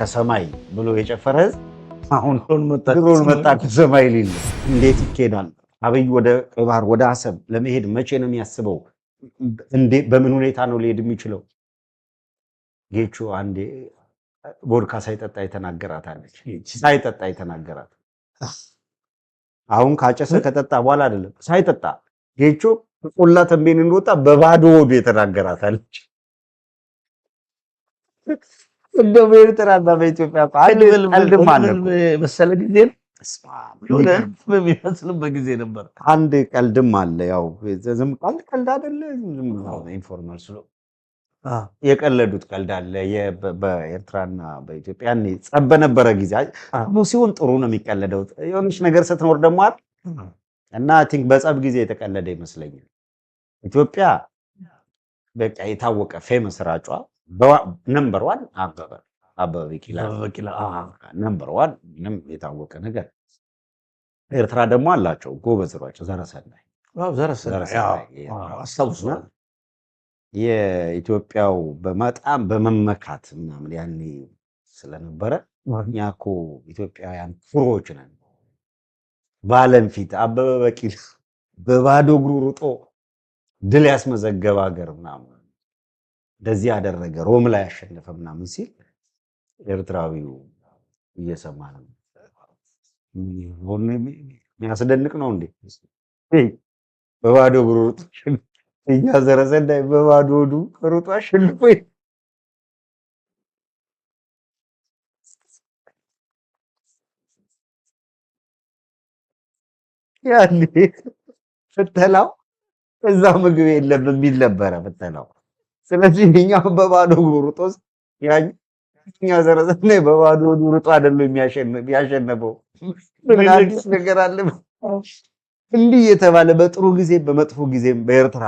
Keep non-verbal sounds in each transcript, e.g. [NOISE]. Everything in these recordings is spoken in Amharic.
ከሰማይ ብሎ የጨፈረ ህዝብ አሁን ድሮን መጣ ከሰማይ ሊል እንዴት ይኬዳል? አብይ ወደ ቀይ ባህር ወደ አሰብ ለመሄድ መቼ ነው የሚያስበው? በምን ሁኔታ ነው ሊሄድ የሚችለው? ጌቹ አንዴ ቦድካ ሳይጠጣ የተናገራት አለች። ሳይጠጣ የተናገራት አሁን ካጨሰ ከጠጣ በኋላ አይደለም፣ ሳይጠጣ ጌቹ ቆላ ተንቤን እንደወጣ በባዶ ወዱ የተናገራት አለች። እንደው በኤርትራ እና በኢትዮጵያ አልድም መሰለ ጊዜ የሆነ የሚመስልበት ጊዜ ነበር። አንድ ቀልድም አለ። ያው ዝም ቀልድ ቀልድ አይደለ ኢንፎርማል ስሎ የቀለዱት ቀልድ አለ። በኤርትራና በኢትዮጵያ ጸብ በነበረ ጊዜ ሲሆን ጥሩ ነው የሚቀለደው። የሆነች ነገር ስትኖር ደግሞ አይደል እና አይ ቲንክ በጸብ ጊዜ የተቀለደ ይመስለኛል። ኢትዮጵያ በቃ የታወቀ ፌመስ ራጯ ነምበር ዋን አበበ አበበ ቢቂላ ነምበር ዋን ምንም የታወቀ ነገር። ኤርትራ ደግሞ አላቸው ጎበዝ ሯጭ ዘረሰናይ የኢትዮጵያው በጣም በመመካት ምናምን ያኔ ስለነበረ እኛ እኮ ኢትዮጵያውያን ኩሮዎች ነን በዓለም ፊት አበበ ቢቂላ በባዶ እግሩ ሩጦ ድል ያስመዘገበ ሀገር ምናምን እንደዚህ ያደረገ ሮም ላይ ያሸነፈ ምናምን ሲል ኤርትራዊው እየሰማ ነው። የሚያስደንቅ ነው እንዴ! በባዶ ብሩጥ ሩጦ እኛ ዘረሰዳይ በባዶ ሆዱ ሩጦ አሸንፎ ያኔ ፍተላው እዛ ምግብ የለም የሚል ነበረ ፍተላው ስለዚህ እኛ በባዶ ሩጦስ ያኛ ዘረዘር ላይ በባዶ ሩጦ አይደለም ያሸነፈው። ምን አዲስ ነገር አለ? እንዲህ የተባለ በጥሩ ጊዜ በመጥፎ ጊዜ በኤርትራ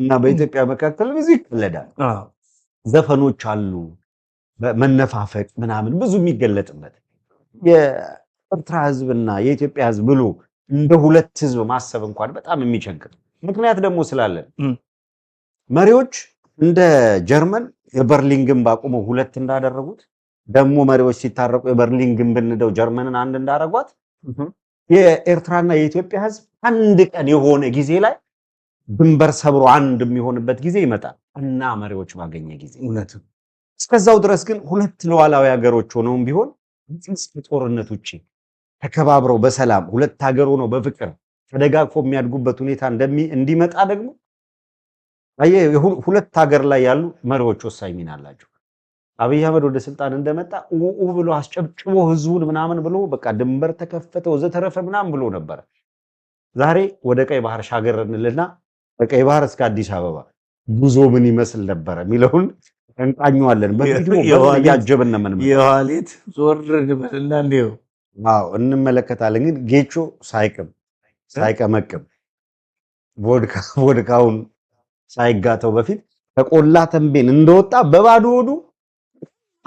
እና በኢትዮጵያ መካከል ብዙ ይቀለዳል። ዘፈኖች አሉ፣ መነፋፈቅ ምናምን ብዙ የሚገለጥበት የኤርትራ ህዝብና የኢትዮጵያ ህዝብ ብሎ እንደ ሁለት ሕዝብ ማሰብ እንኳን በጣም የሚቸግር ምክንያት ደግሞ ስላለን መሪዎች እንደ ጀርመን የበርሊን ግንብ አቁመው ሁለት እንዳደረጉት ደግሞ መሪዎች ሲታረቁ የበርሊን ግንብ እንደው ጀርመንን አንድ እንዳደረጓት የኤርትራና የኢትዮጵያ ሕዝብ አንድ ቀን የሆነ ጊዜ ላይ ድንበር ሰብሮ አንድ የሚሆንበት ጊዜ ይመጣል እና መሪዎች ባገኘ ጊዜ እስከዛው ድረስ ግን ሁለት ሉዓላዊ ሀገሮች ሆነውም ቢሆን ጦርነት ውጭ ተከባብረው በሰላም ሁለት ሀገር ሆነው በፍቅር ተደጋግፎ የሚያድጉበት ሁኔታ እንዲመጣ ደግሞ ሁለት ሀገር ላይ ያሉ መሪዎች ወሳኝ ሚና አላቸው። አብይ አህመድ ወደ ስልጣን እንደመጣ ኡ ብሎ አስጨብጭቦ ህዝቡን ምናምን ብሎ በቃ ድንበር ተከፈተ ወዘተረፈ ምናምን ብሎ ነበረ። ዛሬ ወደ ቀይ ባህር ሻገረንልና በቀይ ባህር እስከ አዲስ አበባ ጉዞ ምን ይመስል ነበረ የሚለውን እንቃኘዋለን። በያጀብን ነምን የኋሊት ዞር ንበልና እንዲሁ እንመለከታለን። ግን ጌቾ ሳይቅም ሳይቀመቅም ቮድካውን ሳይጋተው በፊት ከቆላ ተንቤን እንደወጣ በባዶ ሆዱ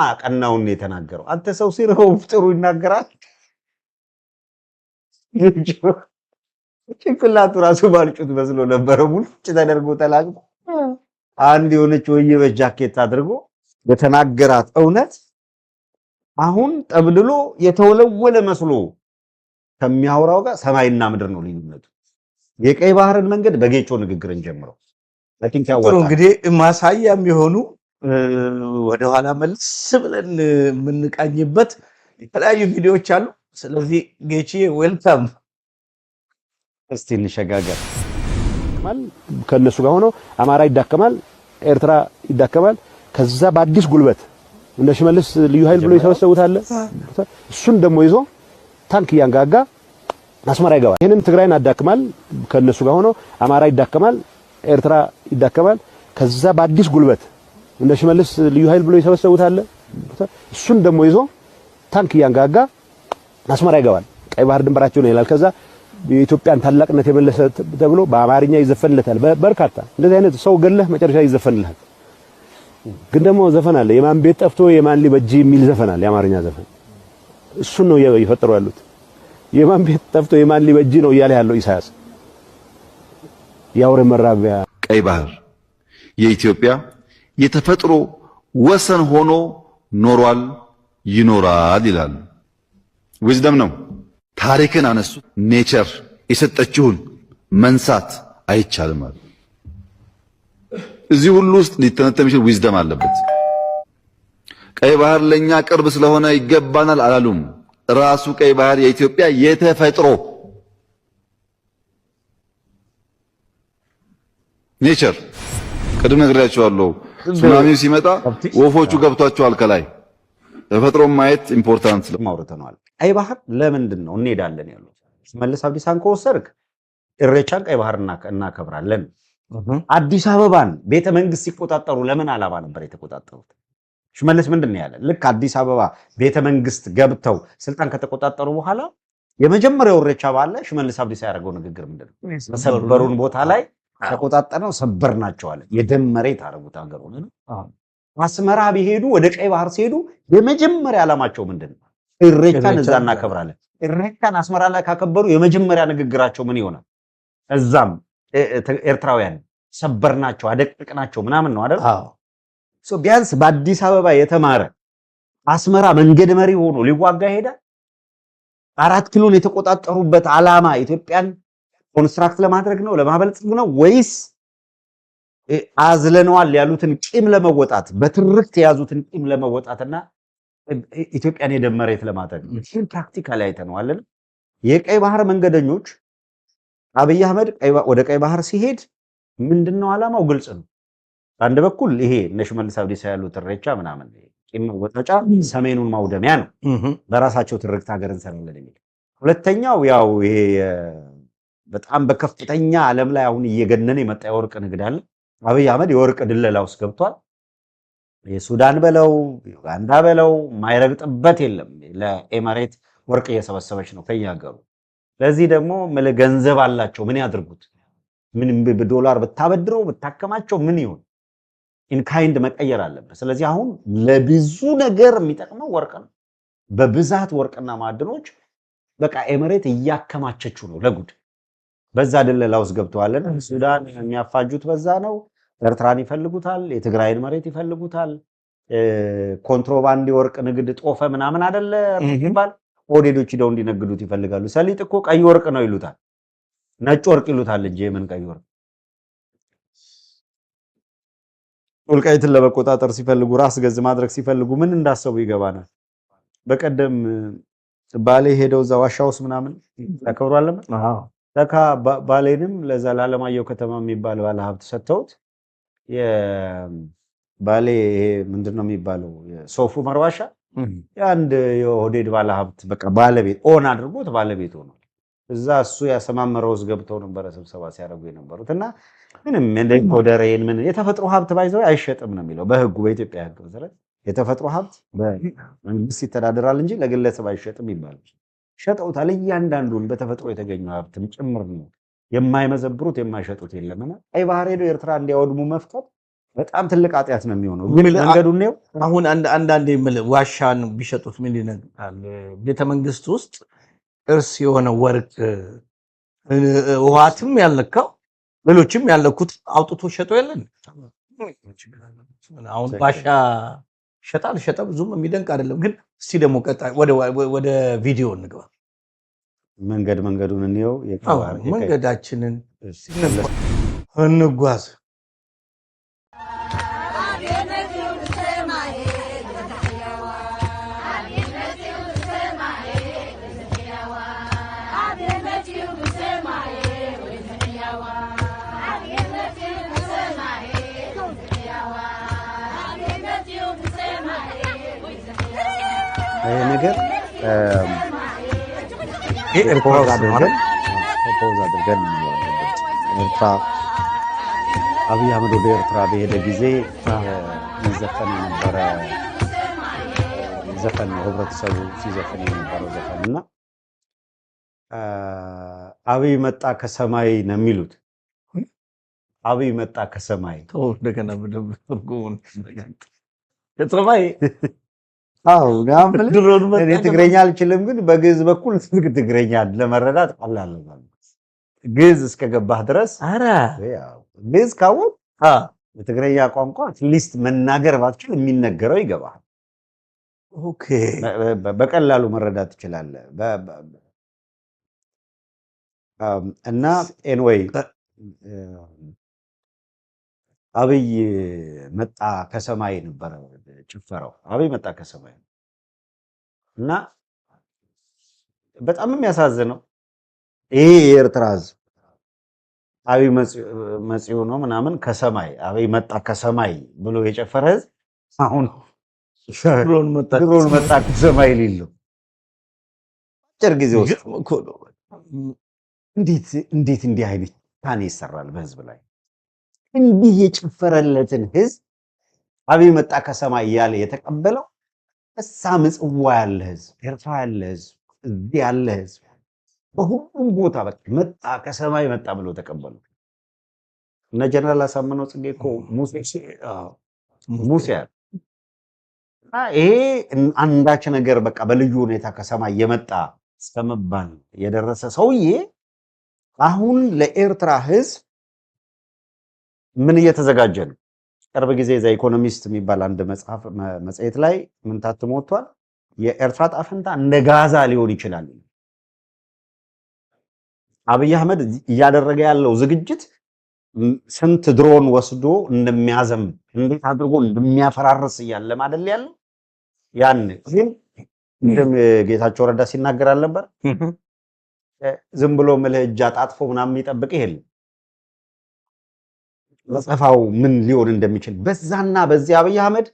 አቀናውን የተናገረው። አንተ ሰው ሲርበው ጥሩ ይናገራል። ጭንቅላቱ ራሱ ባልጩት መስሎ ነበረ። ሙሉ ተደርጎ ተላቅቆ አንድ የሆነች ወይበሽ ጃኬት አድርጎ የተናገራት እውነት አሁን ጠብልሎ የተወለወለ መስሎ ከሚያወራው ጋር ሰማይና ምድር ነው ልዩነቱ። የቀይ ባህርን መንገድ በጌቾ ንግግርን ጀምረው እንግዲህ ማሳያ የሚሆኑ ወደኋላ መልስ ብለን የምንቃኝበት የተለያዩ ቪዲዮዎች አሉ። ስለዚህ ጌቺ ዌልካም። እስቲ እንሸጋገር። ከእነሱ ጋር ሆኖ አማራ ይዳከማል፣ ኤርትራ ይዳከማል። ከዛ በአዲስ ጉልበት እነ ሽመልስ ልዩ ኃይል ብሎ የሰበሰቡት አለ። እሱን ደግሞ ይዞ ታንክ እያንጋጋ አስመራ ይገባል። ይህንን ትግራይን አዳክማል፣ ከእነሱ ጋር ሆኖ አማራ ይዳከማል ኤርትራ ይዳከማል። ከዛ በአዲስ ጉልበት እነ ሽመልስ ልዩ ኃይል ብሎ ይሰበሰቡታል? እሱን ደግሞ ይዞ ታንክ እያንጋጋ አስመራ ይገባል። ቀይ ባህር ድንበራቸው ነው ይላል። ከዛ የኢትዮጵያን ታላቅነት የመለሰ ተብሎ በአማርኛ ይዘፈንለታል። በርካታ እንደዚህ አይነት ሰው ገለህ መጨረሻ ይዘፈንልሃል። ግን ደግሞ ዘፈን አለ የማን ቤት ጠፍቶ የማን ሊበጅ የሚል ዘፈን አለ። የአማርኛ ዘፈን እሱን ነው እየፈጠሩ ያሉት። የማን ቤት ጠፍቶ የማን ሊበጅ ነው እያለ ያለው ኢሳያስ የአውሬ መራቢያ ቀይ ባህር የኢትዮጵያ የተፈጥሮ ወሰን ሆኖ ኖሯል፣ ይኖራል ይላሉ። ዊዝደም ነው። ታሪክን አነሱ። ኔቸር የሰጠችውን መንሳት አይቻልም አሉ። እዚህ ሁሉ ውስጥ ሊተነተን የሚችል ዊዝደም አለበት። ቀይ ባህር ለእኛ ቅርብ ስለሆነ ይገባናል አላሉም። ራሱ ቀይ ባህር የኢትዮጵያ የተፈጥሮ ኔቸር ቅድም ነግሬያቸዋለሁ። ሱናሚው ሲመጣ ወፎቹ ገብቷቸዋል ከላይ ተፈጥሮ ማየት ኢምፖርታንት ማውረተነዋል። ቀይ ባህር ለምንድን ነው እንሄዳለን ያሉት ሽመልስ አብዲሳን ከወሰድክ እሬቻን ቀይ ባህር እናከብራለን። አዲስ አበባን ቤተ መንግስት ሲቆጣጠሩ ለምን አላባ ነበር የተቆጣጠሩት? ሽመልስ ምንድን ነው ያለ? ልክ አዲስ አበባ ቤተ መንግስት ገብተው ስልጣን ከተቆጣጠሩ በኋላ የመጀመሪያው እሬቻ ባለ ሽመልስ አብዲሳ ያደረገው ንግግር ምንድን ነው? በሰበሩን ቦታ ላይ ተቆጣጠርነው፣ ሰበር አለ። የደም መሬት አረጉት ሀገር ሆነ ነው። አስመራ ቢሄዱ ወደ ቀይ ባህር ሲሄዱ የመጀመሪያ ዓላማቸው ምንድን ነው? እሬቻን እዛ እናከብራለን። እሬቻን አስመራ ላይ ካከበሩ የመጀመሪያ ንግግራቸው ምን ይሆናል? እዛም ኤርትራውያን አደቅቅ ናቸው ምናምን ነው አደ ቢያንስ በአዲስ አበባ የተማረ አስመራ መንገድ መሪ ሆኖ ሊዋጋ ይሄዳል። አራት ኪሎን የተቆጣጠሩበት ዓላማ ኢትዮጵያን ኮንስትራክት ለማድረግ ነው ለማበልጽግ ነው ወይስ አዝለነዋል ያሉትን ቂም ለመወጣት በትርክት የያዙትን ቂም ለመወጣትና ኢትዮጵያን የደም መሬት ለማድረግ ነው? ይህን ፕራክቲካል አይተነዋለን። የቀይ ባህር መንገደኞች አብይ አህመድ ወደ ቀይ ባህር ሲሄድ ምንድነው አላማው? ግልጽ ነው። በአንድ በኩል ይሄ እነ ሽመልስ አብዲሳ ያሉት እሬቻ ምናምን ቂም መወጣጫ፣ ሰሜኑን ማውደሚያ ነው፣ በራሳቸው ትርክት ሀገር እንሰራለን የሚል ሁለተኛው ያው ይሄ በጣም በከፍተኛ ዓለም ላይ አሁን እየገነን የመጣ የወርቅ ንግድ አለ። አብይ አህመድ የወርቅ ድለላ ውስጥ ገብቷል። የሱዳን በለው ዩጋንዳ በለው ማይረግጥበት የለም። ለኤማሬት ወርቅ እየሰበሰበች ነው ከያገሩ። ለዚህ ደግሞ ገንዘብ አላቸው። ምን ያድርጉት? ምን ዶላር ብታበድረው ብታከማቸው ምን ይሁን? ኢንካይንድ መቀየር አለበት። ስለዚህ አሁን ለብዙ ነገር የሚጠቅመው ወርቅ ነው። በብዛት ወርቅና ማዕድኖች በቃ ኤምሬት እያከማቸችው ነው ለጉድ በዛ ድለላ ውስጥ ገብተዋለን። ሱዳን የሚያፋጁት በዛ ነው። ኤርትራን ይፈልጉታል፣ የትግራይን መሬት ይፈልጉታል። ኮንትሮባንድ የወርቅ ንግድ ጦፈ ምናምን አደለ ባል ኦዴዶች ሂደው እንዲነግዱት ይፈልጋሉ። ሰሊጥ እኮ ቀይ ወርቅ ነው ይሉታል፣ ነጭ ወርቅ ይሉታል እንጂ የምን ቀይ ወርቅ። ወልቃይትን ለመቆጣጠር ሲፈልጉ፣ ራስ ገዝ ማድረግ ሲፈልጉ ምን እንዳሰቡ ይገባናል። በቀደም ባሌ ሄደው እዛ ዋሻ ውስጥ ምናምን ያከብሯል ለካ ባሌንም ለዛ ለዘላለማየሁ ከተማ የሚባል ባለ ሀብት ሰጥተውት ባሌ ምንድን ነው የሚባለው ሶፉ መርዋሻ የአንድ የሆዴድ ባለ ሀብት በቃ ባለቤት ኦን አድርጎት ባለቤት ሆኗል። እዛ እሱ ያሰማመረው ውስጥ ገብተው ነበረ ስብሰባ ሲያደርጉ የነበሩት እና ምንም ኮደሬን ምን የተፈጥሮ ሀብት ባይዘው አይሸጥም ነው የሚለው በህጉ በኢትዮጵያ ህግ መሰረት የተፈጥሮ ሀብት መንግስት ይተዳደራል እንጂ ለግለሰብ አይሸጥም ይባላል። ሸጠውታል። እያንዳንዱን በተፈጥሮ የተገኙ ሀብትም ጭምር ነው የማይመዘብሩት የማይሸጡት የለምና ቀይ ባህር ሄዶ ኤርትራ እንዲያወድሙ መፍቀድ በጣም ትልቅ አጥያት ነው የሚሆነው። መንገዱ ነው። አሁን አንዳንድ ዋሻን ቢሸጡት ምን ይነግጣል? ቤተመንግስት ውስጥ ቅርስ የሆነ ወርቅ ውሃትም ያለካው ሌሎችም ያለኩት አውጥቶ ሸጦ የለን አሁን ባሻ ሸጣ አልሸጠ ብዙም የሚደንቅ አይደለም። ግን እስቲ ደግሞ ቀጣይ ወደ ቪዲዮ እንግባ። መንገድ መንገዱን እንየው፣ መንገዳችንን እንጓዝ። ይሄ ነገር ፕሮፖዝ አድርገን ኤርትራ አብይ አህመድ ወደ ኤርትራ በሄደ ጊዜ ይዘፈን የነበረ ዘፈን ህብረተሰቡ ሲዘፈን የነበረው ዘፈን እና አብይ መጣ ከሰማይ ነው የሚሉት። አብይ መጣ ከሰማይ ከሰማይ እኔ ትግረኛ አልችልም፣ ግን በግዕዝ በኩል [LAUGHS] ትግረኛ ለመረዳት ቀላል ነው። ግዕዝ እስከገባህ ድረስ ግዕዝ ካወቅ በትግረኛ ቋንቋ ሊስት መናገር ባትችል የሚነገረው ይገባል። በቀላሉ መረዳት ትችላለህ። እና ኤንወይ አብይ መጣ ከሰማይ ነበረ ጭፈራው። አብይ መጣ ከሰማይ እና በጣም የሚያሳዝነው ይሄ የኤርትራ ሕዝብ አብይ መጽኡ ነው ምናምን ከሰማይ አብይ መጣ ከሰማይ ብሎ የጨፈረ ሕዝብ አሁን ድሮን መጣ ከሰማይ ሊለው አጭር ጊዜ ውስጥ እንዴት እንዲህ አይነት ታኔ ይሰራል በህዝብ ላይ እንዲህ የጨፈረለትን ህዝብ አብይ መጣ ከሰማይ እያለ የተቀበለው እሳ ምጽዋ ያለ ህዝብ፣ ኤርትራ ያለ ህዝብ፣ እዚህ ያለ ህዝብ በሁሉም ቦታ በቃ መጣ ከሰማይ መጣ ብሎ ተቀበሉ። እነ ጀነራል አሳምነው ጽጌ እኮ ሙሴ ያለ ይሄ አንዳች ነገር በቃ በልዩ ሁኔታ ከሰማይ የመጣ እስከመባል የደረሰ ሰውዬ አሁን ለኤርትራ ህዝብ ምን እየተዘጋጀ ነው? ቅርብ ጊዜ ዘ ኢኮኖሚስት የሚባል አንድ መጽሐፍ መጽሔት ላይ ምን ታትሞ ወጥቷል። የኤርትራ ጣፍንታ እንደ ጋዛ ሊሆን ይችላል። አብይ አህመድ እያደረገ ያለው ዝግጅት ስንት ድሮን ወስዶ እንደሚያዘም እንዴት አድርጎ እንደሚያፈራርስ እያለ ማደል ያለ ያን እንደም ጌታቸው ረዳ ሲናገር አልነበር? ዝም ብሎ ምልህ እጅ አጣጥፎ ምናምን የሚጠብቅ የለም። አጸፋው ምን ሊሆን እንደሚችል በዛና በዚህ አብይ አህመድ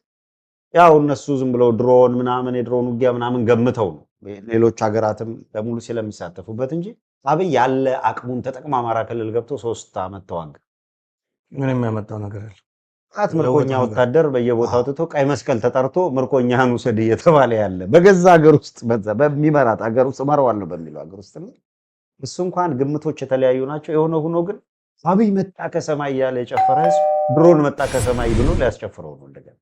ያው እነሱ ዝም ብለው ድሮን ምናምን የድሮን ውጊያ ምናምን ገምተው ነው ሌሎች ሀገራትም በሙሉ ስለሚሳተፉበት እንጂ አብይ ያለ አቅሙን ተጠቅሞ አማራ ክልል ገብቶ ሶስት አመት ተዋጋ። ምንም ያመጣው ነገር አለ ጣት ምርኮኛ ወታደር በየቦታው ትቶ ቀይ መስቀል ተጠርቶ ምርኮኛህን ውሰድ እየተባለ ያለ በገዛ ሀገር ውስጥ በዛ በሚመራት ሀገር ውስጥ እመራዋለሁ በሚለው ሀገር ውስጥ እሱ እንኳን ግምቶች የተለያዩ ናቸው። የሆነ ሁኖ ግን አብይ መጣ ከሰማይ እያለ የጨፈረ ህዝብ ድሮን መጣ ከሰማይ ብሎ ሊያስጨፍረው ነው እንደገና